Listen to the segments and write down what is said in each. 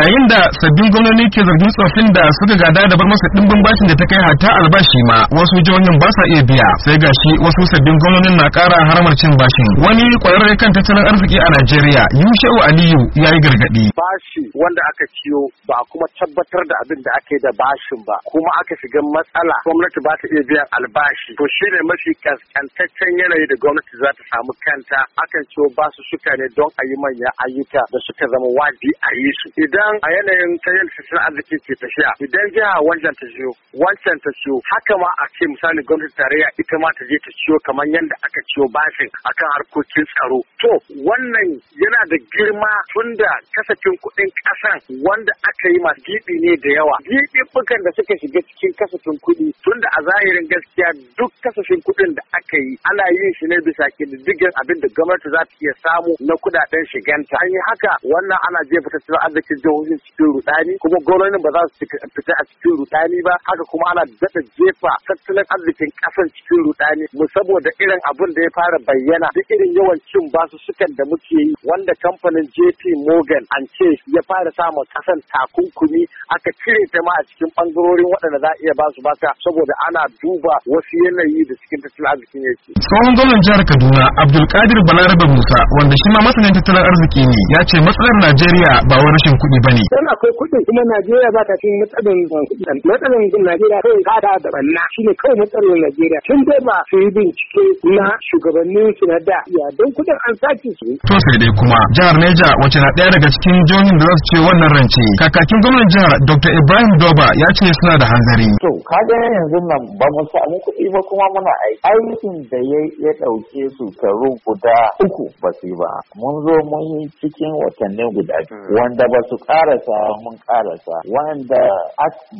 yayin da sabbin gwamnoni ke zargin tsofin da suka gada da bar masa dimbin bashin da ta kai hata albashi ma wasu jihohin ba sa iya biya sai gashi wasu sabbin gwamnonin na kara haramar cin bashin wani kwararre kan tattalin arziki a Najeriya Yushau Aliyu ya yi gargadi bashi wanda aka ciyo ba kuma tabbatar da abin da ake da bashin ba kuma aka shiga matsala gwamnati ba ta iya biyan albashi to shine mafi kaskantaccen yanayi da gwamnati za ta samu kanta akan ciyo basu suka ne don a yi manyan ayyuka da suka zama wajibi a yi su idan idan a yanayin tayin sassan arziki ke tafiya idan jiha wancan ta ciyo wancan ta siyo, haka ma a ce misali gwamnatin tarayya ita ma ta je ta ciyo kamar yadda aka ciyo bashin akan harkokin tsaro to wannan yana da girma tunda kasafin kuɗin ƙasan wanda aka yi masu giɓi ne da yawa giɓiɓɓukan da suka shiga cikin kasafin kuɗi tunda a zahirin gaskiya duk kasafin kuɗin da aka yi ana yin shi ne bisa ƙididdigar abin da gwamnati za ta iya samu na kuɗaɗen shiganta an yi haka wannan ana jefa tattalin arzikin jihohin cikin rudani kuma gwamnonin ba za su fita a cikin rudani ba haka kuma ana daɗa jefa tattalin arzikin ƙasan cikin rudani mu saboda irin abin da ya fara bayyana duk irin yawan cin basu sukan da muke yi wanda kamfanin JP Morgan an ce ya fara samu ƙasan takunkumi aka cire ta ma a cikin bangarorin waɗanda za a iya basu baka saboda ana duba wasu yanayi da cikin tattalin arzikin yake. Tsohon gwamnan jihar Kaduna Abdulkadir Balarabe Musa wanda shi ma masanin tattalin arziki ne ya ce matsalar Najeriya ba wani rashin kuɗi ba ne. Dan akwai kuɗin kuma Najeriya ba ta cikin matsalin kuɗin. Matsalin Najeriya kai kada da banna shine kawai matsalin Najeriya. Tun da ba su yi bincike na shugabannin su na da ya don kuɗin an saki su. To sai dai kuma jihar Neja wacce na daya daga cikin jihohin da su ce wannan rance. Kakakin gwamnan jihar Dr. Ibrahim Doba ya ce suna da hanzari. To kaga yanzu nan ba mu samu kuɗi ba kuma muna aiki. Aikin da ya ya ɗauke su karu guda uku ba su ba. Mun zo mun yi cikin watanni guda wanda ba su karasa mun karasa wanda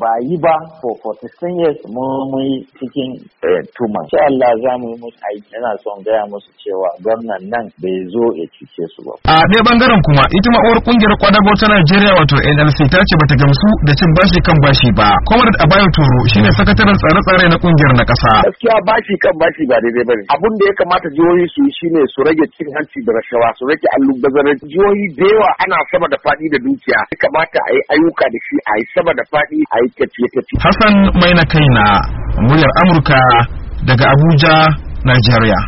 ba yi ba for 46 years mun yi cikin eh, tuma sha Allah za mu yi musu aiki yana son gaya musu cewa gwamnan nan bai zo ya cike su ba a ne bangaren kuma ita ma uwar kungiyar kwadago ta Najeriya wato NLC ta ce bata gamsu da cin bashi kan bashi ba Comrade Abayo Toro shine sakataren tsare-tsare na kungiyar na kasa. gaskiya bashi kan bashi ba daidai bane Abun da ya kamata jihohi su yi shine su rage cin hanci da rashawa su rage allubazarin jihohi da yawa ana sama da faɗi da dukiya ya kamata a yi ayyuka da shi a yi sama da faɗi a yi tafiye-tafiye. Hassan na kai na muryar Amurka daga Abuja, Najeriya.